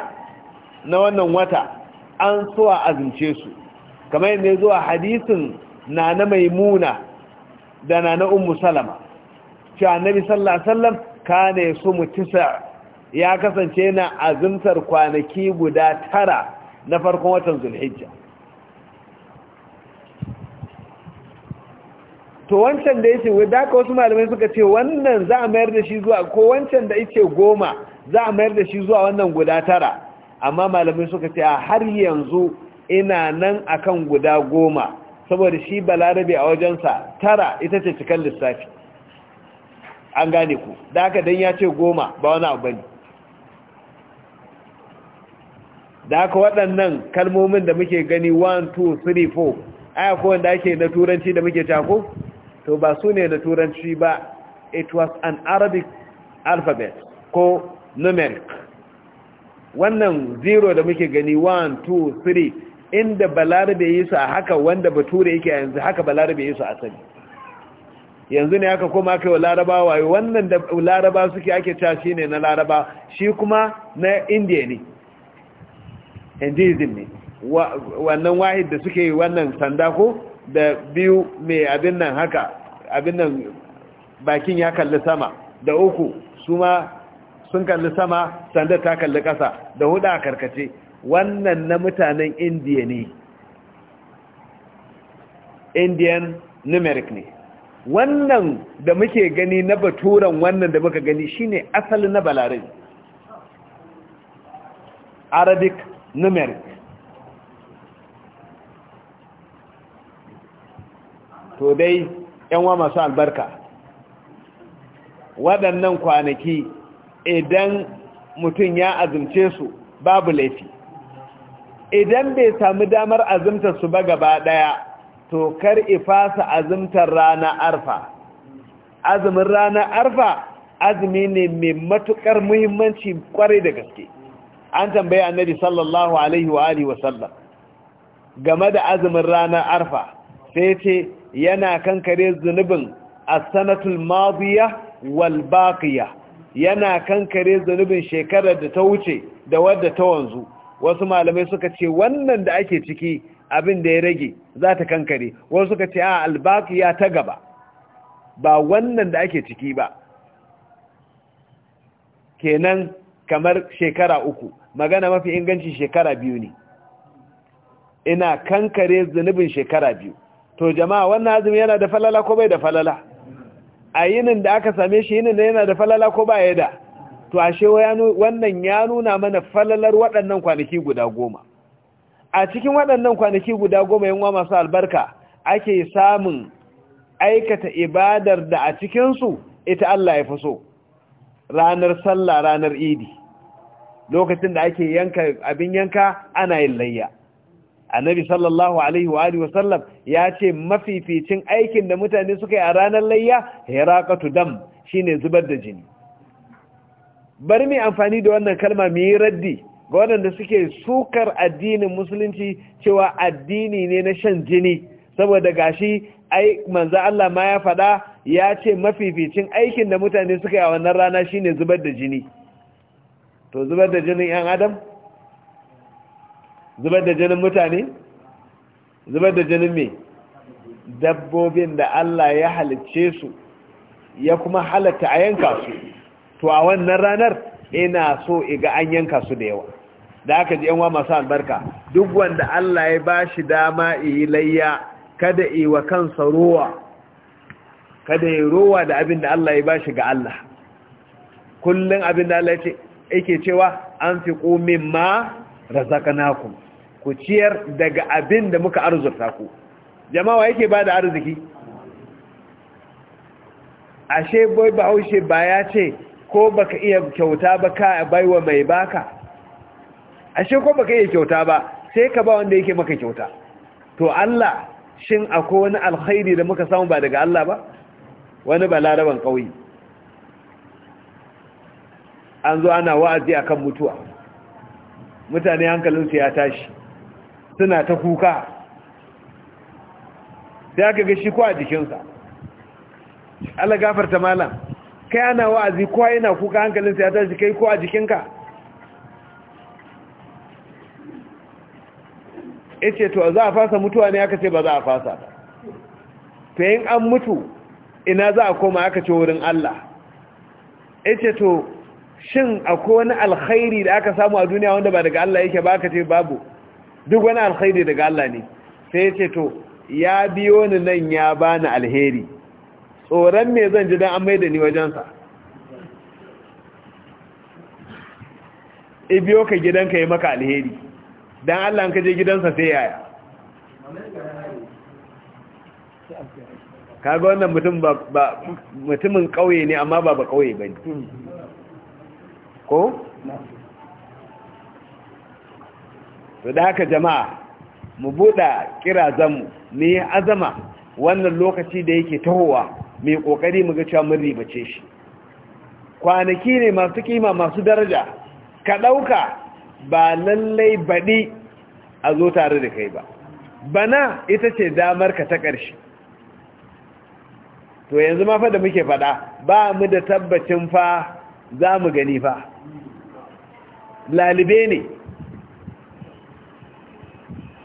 na wannan wata an so a azince su kamar yadda zuwa hadisin na na maimuna da na na umu salama cewa nabi sallallahu alaihi wasallam kana su mutisa ya kasance na azimtar kwanaki guda tara na farkon watan zulhijja to wancan da yake wai da wasu malamai suka ce wannan za a mayar da shi zuwa ko wancan da yake goma za a mayar da shi zuwa wannan guda tara amma malamai suka ce a har yanzu ina nan akan guda goma saboda shi balarabe a wajensa tara ita ce cikin lissafi an gane ku da aka dan ya ce goma ba wani abu bane da aka waɗannan kalmomin da muke gani 1 2 3 4 aya kowanda ake na turanci da muke cako to ba su ne da turanci ba it was an arabic alphabet ko numeric wannan zero da muke gani 1 2 3 inda balarabe yi su a haka wanda bature yake yanzu haka balarabe yi su a sani yanzu ne aka koma kai wa laraba waye wannan da laraba suke ake ta shi ne na laraba shi kuma na indiya ne hinduism ne wannan wahid da suke yi wannan sanda ko da biyu mai abin nan haka abin nan bakin ya kalli sama da uku su ma sun kalli sama sanda ta kalli ƙasa da hudu a karkace wannan na mutanen indiya ne indian numeric ne wannan da muke gani na baturan wannan da muka gani shine asali na balarin arabic numeric to dai yanwa masu albarka waɗannan kwanaki idan mutum ya azumce su babu laifi idan bai sami damar azumtar su ba gaba ɗaya to kar ifasa azumtar rana arfa azumin rana arfa azumi ne mai matukar muhimmanci kwarai da gaske an tambaye annabi sallallahu alaihi wa alihi wasallam game da azumin ranar arfa sai ce yana kankare zunubin a sanatul maziya wal baƙiya yana kankare zunubin shekarar da ta wuce da wadda ta wanzu wasu malamai suka ce wannan da ake ciki abin da ya rage za ta kankare wasu suka ce a albaqiya ta gaba ba wannan da ake ciki ba kenan kamar shekara uku magana mafi inganci shekara biyu ne ina kankare zunubin shekara biyu to jama'a wannan azumi yana da falala ko bai da falala a yinin da aka same shi yinin da yana da falala ko ba ya da to ashe wannan ya nuna mana falalar waɗannan kwanaki guda goma a cikin waɗannan kwanaki guda goma yin wa masu albarka ake samun aikata ibadar da a cikinsu ita Allah ya fi so ranar sallah ranar idi lokacin da ake yanka abin yanka ana yin layya annabi sallallahu alaihi wa alihi wasallam ya ce mafificin aikin da mutane suka yi a ranar layya hiraqatu dam shine zubar da jini bari mu amfani da wannan kalma mu yi raddi ga waɗanda suke sukar addinin musulunci cewa addini ne na shan jini saboda gashi ai manzo Allah ma ya faɗa ya ce mafificin aikin da mutane suka yi a wannan rana shine zubar da jini to zubar da jinin yan adam zubar da jinin mutane zubar da jinin mai dabbobin da Allah ya halicce su ya kuma halatta a yanka su to a wannan ranar ina so iga an yanka su da yawa da aka ji yanwa masu albarka duk wanda Allah ya ba shi dama iyi layya kada yi wa kansa rowa kada yi rowa da abin da Allah ya ba shi ga Allah kullum abin da Allah ya ce yake cewa an fi ƙomin ma razakanakum ku ciyar daga abin da muka arzurta ku jama'a yake ba da arziki ashe bai bahaushe ba ya ce ko baka iya kyauta ba ka baiwa mai baka ashe ko baka iya kyauta ba sai ka ba wanda yake maka kyauta to Allah shin akwai wani alkhairi da muka samu ba daga Allah ba wani balaraban kauyi an zo ana wa'azi akan mutuwa mutane hankalinsu ya tashi suna ta kuka sai aka ga shi ko a jikinsa Allah gafarta malam kai ana wa'azi kowa yana kuka hankalinsa ya tashi kai ko a jikinka ce to za a fasa mutuwa ne aka ce ba za a fasa ba to an mutu ina za a koma aka ce wurin Allah ce to shin akwai wani alkhairi da aka samu a duniya wanda ba daga Allah yake ba aka ce babu duk wani alkhairi daga Allah ne sai ya ce to ya biyo ni nan ya bani alheri tsoron me zan ji dan an maida ni wajensa biyo ka gidanka yi maka alheri dan Allah ka je gidansa sai yaya Ka ga wannan mutum ba mutumin kauye ne amma ba ba kauye bane ko to da haka jama'a mu buɗa kirazanmu mu yi azama wannan lokaci da yake tahowa mai ƙoƙari mu ga cewa mun ribace shi kwanaki ne masu kima masu daraja ka ɗauka ba lallai baɗi a zo tare da kai ba bana ita ce damar ka ta ƙarshe to yanzu ma fa da muke faɗa ba mu da tabbacin fa za mu gani fa lalibe ne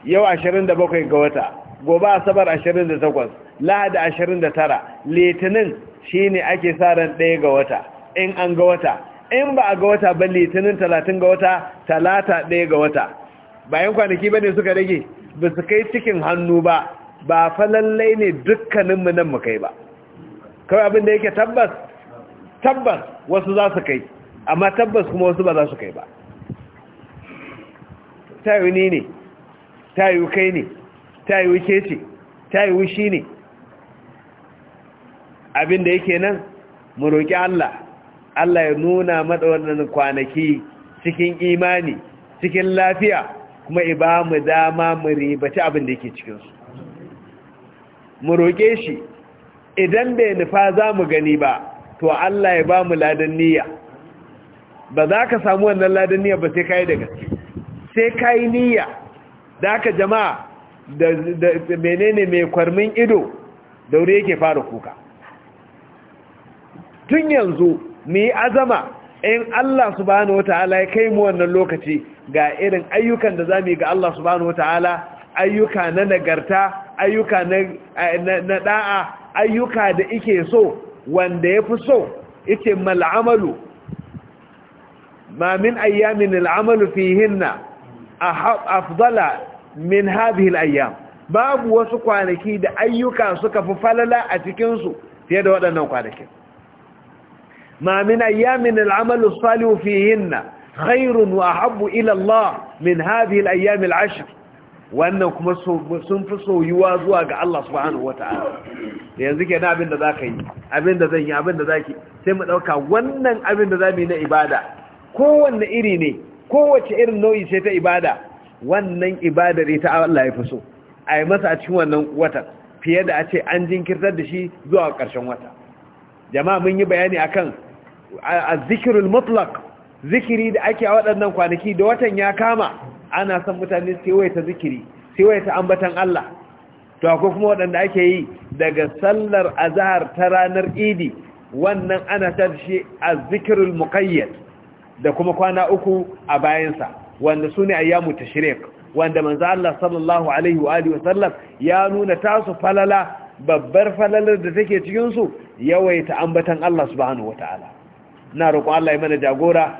yau 27 ga wata gobe asabar 28 lahadi 29 litinin shine ake sa ran ɗaya ga wata in an ga wata in ba a ga wata ba litinin 30 ga wata talata 1 ga wata bayan kwanaki bane suka rage ba su kai cikin hannu ba ba fa ne dukkaninmu nan mu kai ba kawai abin da yake tabbas tabbas wasu za su kai amma tabbas kuma wasu ba za su kai ba ta ne ta yi kai ne ta yi ke ce ta yi shi ne abinda yake nan mu roƙi Allah Allah ya nuna mata wannan kwanaki cikin imani cikin lafiya kuma iba mu dama mu ribaci abinda yake cikinsu mu roƙe shi idan bai nufa za mu gani ba to Allah ya ba mu ladan niyya ba za ka samu wannan ladan niyya ba sai ka yi da gaske sai ka yi niyya da aka jama'a da menene mai kwarmin ido daure yake fara kuka tun yanzu mu yi azama in Allah subhanahu wata'ala ya kai mu wannan lokaci ga irin ayyukan da mu yi ga Allah subhanahu wata'ala ayyuka na nagarta ayyuka na da'a ayyuka da ike so wanda ya fi so ike mal'amalu ma min ayyamin al'amalu a afdala min hadhihi al-ayyam babu wasu kwanaki da ayyuka suka fi falala a cikin su fiye da waɗannan kwanakin ma min ayyamin al-amal as-salih fihinna khairun wa ahabbu ila Allah min hadhihi al-ayyam al wannan kuma sun fi soyuwa zuwa ga Allah subhanahu wata'ala da yanzu kenan abin da zaka yi abin da zan yi abin da zaki sai mu dauka wannan abin da zamu yi na ibada kowanne iri ne kowace irin nau'i sai ta ibada wannan ibadar ita Allah ya fi so a yi masa a cikin wannan watan fiye da a ce an jinkirtar da shi zuwa ƙarshen wata jama'a mun yi bayani akan azzikirul mutlaq zikiri da ake a waɗannan kwanaki da watan ya kama ana son mutane su yi ta zikiri su yi ta ambatan Allah to akwai kuma waɗanda ake yi daga sallar azahar ta ranar idi wannan ana ta shi azzikirul muqayyad da kuma kwana uku a bayansa wanda su ne ayyamu tashrik wanda manzo Allah sallallahu alaihi wa alihi wasallam ya nuna tasu falala babbar falalar da take cikin su yawaita ambatan Allah subhanahu wataala ina roƙon Allah ya mana jagora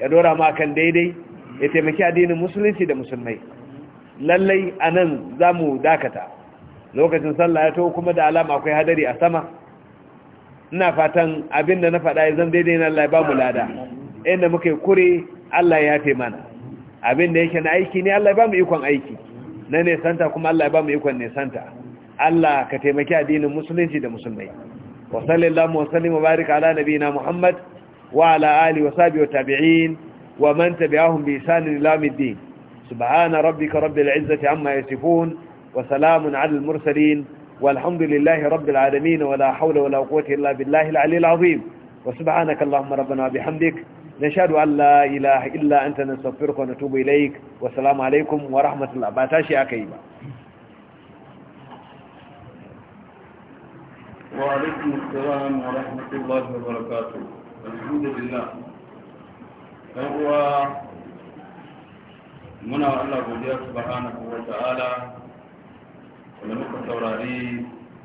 ya dora mu kan daidai ya taimaki addinin musulunci da musulmai lallai anan zamu dakata lokacin sallah ya to kuma da alama akwai hadari a sama ina fatan abin da na faɗa ya zan daidai na Allah ya ba mu lada inda muke kure Allah ya yafe abin da yake na aiki ne Allah ya ba mu ikon aiki na nesanta kuma Allah ya ba mu ikon nesanta Allah ka taimaki addinin musulunci da musulmai wa sallallahu wa sallim wa ala nabiyina Muhammad wa ala alihi wa sahbihi wa tabi'in wa man tabi'ahum bi ihsan ila yawmiddin subhana rabbika rabbil izzati amma yasifun wa salamun ala al mursalin walhamdulillahi rabbil alamin wa la hawla wa la quwwata illa billahi al aliyyil azim wa subhanaka nashadu Allah ilaha illa anta nastaghfiruka wa natubu ilaik wa salamu alaikum wa rahmatullah ba tashi akai ba wa alaikum assalam wa rahmatullahi wa barakatuh alhamdulillah yawwa muna Allah godiya subhanahu wa ta'ala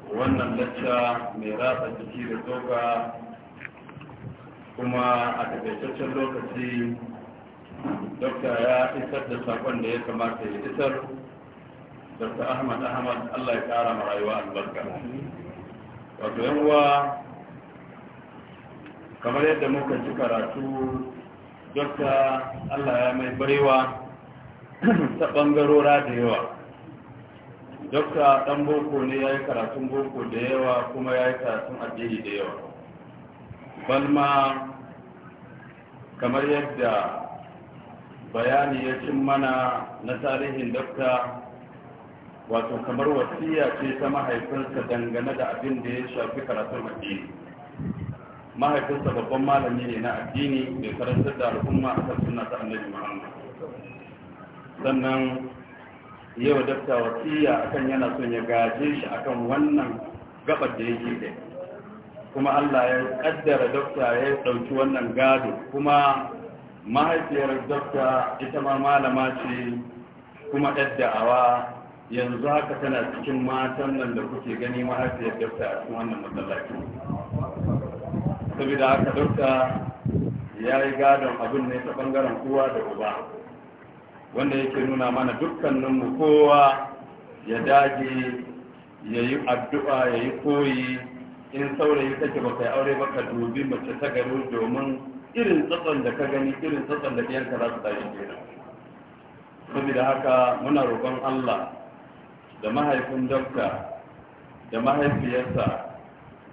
wannan lecture mai ratsa jiki da doka kuma a takaitaccen lokaci dokta ya isar da sakon da ya kamata ya isar dokta ahmad ahmad allah ya kara ma rayuwa albarka wato yan uwa kamar yadda muka ci karatu dokta allah ya mai barewa ta bangarora da yawa dokta dan boko ne ya yi karatun boko da yawa kuma ya yi karatun addini da yawa balma kamar yadda bayani ya cin mana na tarihin dafta wato kamar wasiya ce ta mahaifinsa dangane da abin da ya shafi karatun addini mahaifinsa babban malami ne na addini mai karantar da al'umma a kan suna ta annabi muhammad sannan yau dafta wasiya akan yana son ya gaje shi akan wannan gabar da yake da kuma Allah ya kaddara dokta ya dauki wannan gado kuma mahaifiyar dokta ita ma malama ce kuma dadda'awa yanzu haka tana cikin matan nan da kuke gani mahaifiyar dokta a cikin wannan masallaci saboda haka dokta ya yi gadon abin ne ta bangaren kowa da uba wanda yake nuna mana dukkaninmu kowa ya dage ya yi addu'a ya yi koyi in saurayi take ba kai aure ba ka dubi mace ta gari domin irin tsatsan da ka gani irin tsatsan da ɗiyanka za su tashi kenan saboda haka muna roƙon Allah da mahaifin dokta da mahaifiyarsa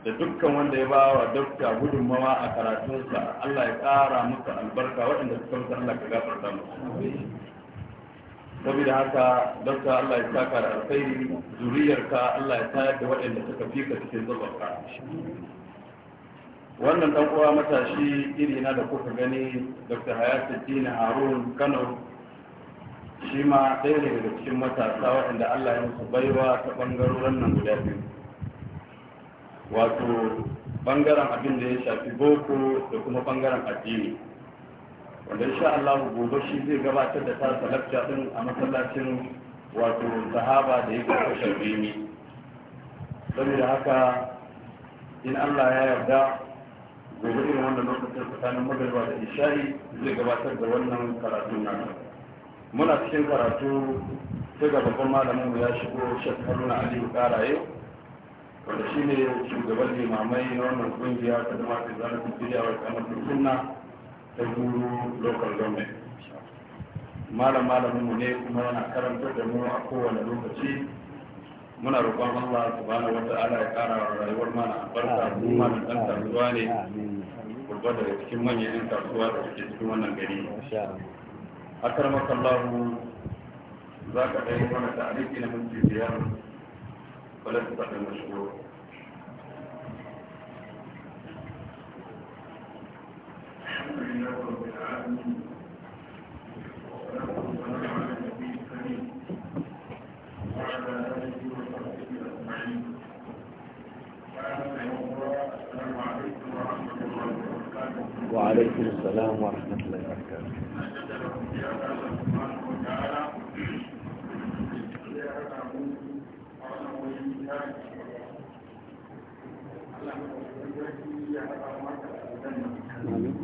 da dukkan wanda ya bawa dokta gudunmawa a karatunsa Allah ya ƙara musu albarka waɗanda suka musu Allah ka gafarta musu saboda haka dokta Allah ya saka da alkhairi zuriyarka Allah ya tayar da waɗanda suka fi ka cikin zubarka wannan dan uwa matashi iri na da kuka gani Dr. Dina Harun Kano shi ma ɗaya ne daga cikin matasa waɗanda Allah ya musu baiwa ta ɓangaren nan guda biyu wato bangaren abin da ya shafi boko da kuma bangaren addini wanda insha Allah gobe shi zai gabatar da ta lakca din a masallacin wato sahaba da yake kashe bini saboda haka in Allah ya yarda gobe irin wannan lokacin tsakanin magariba da isha'i zai gabatar da wannan karatu na muna cikin karatu sai ga babban malamin ya shigo shek haruna aliyu karaye wanda shine shugaban limamai na wannan kungiya ta damar ta zanen kungiya wa kamar sunna ta zuru local government malam malaminmu ne kuma yana karanta da mu a kowane lokaci muna roƙon Allah subhanahu wata'ala ya ƙara wa rayuwar mana albarka mu ma dan kasuwa ne kurba da cikin manyan yan kasuwa da suke cikin wannan gari akar makallahu za ka ɗaya mana ta'aliki na minti biyar wala ta faɗin الحمد لله رب العالمين على النبي الكريم وعلى آله وصحبه أجمعين عليكم ورحمة الله وبركاته وعليكم السلام ورحمة الله وبركاته نشهد لكم الله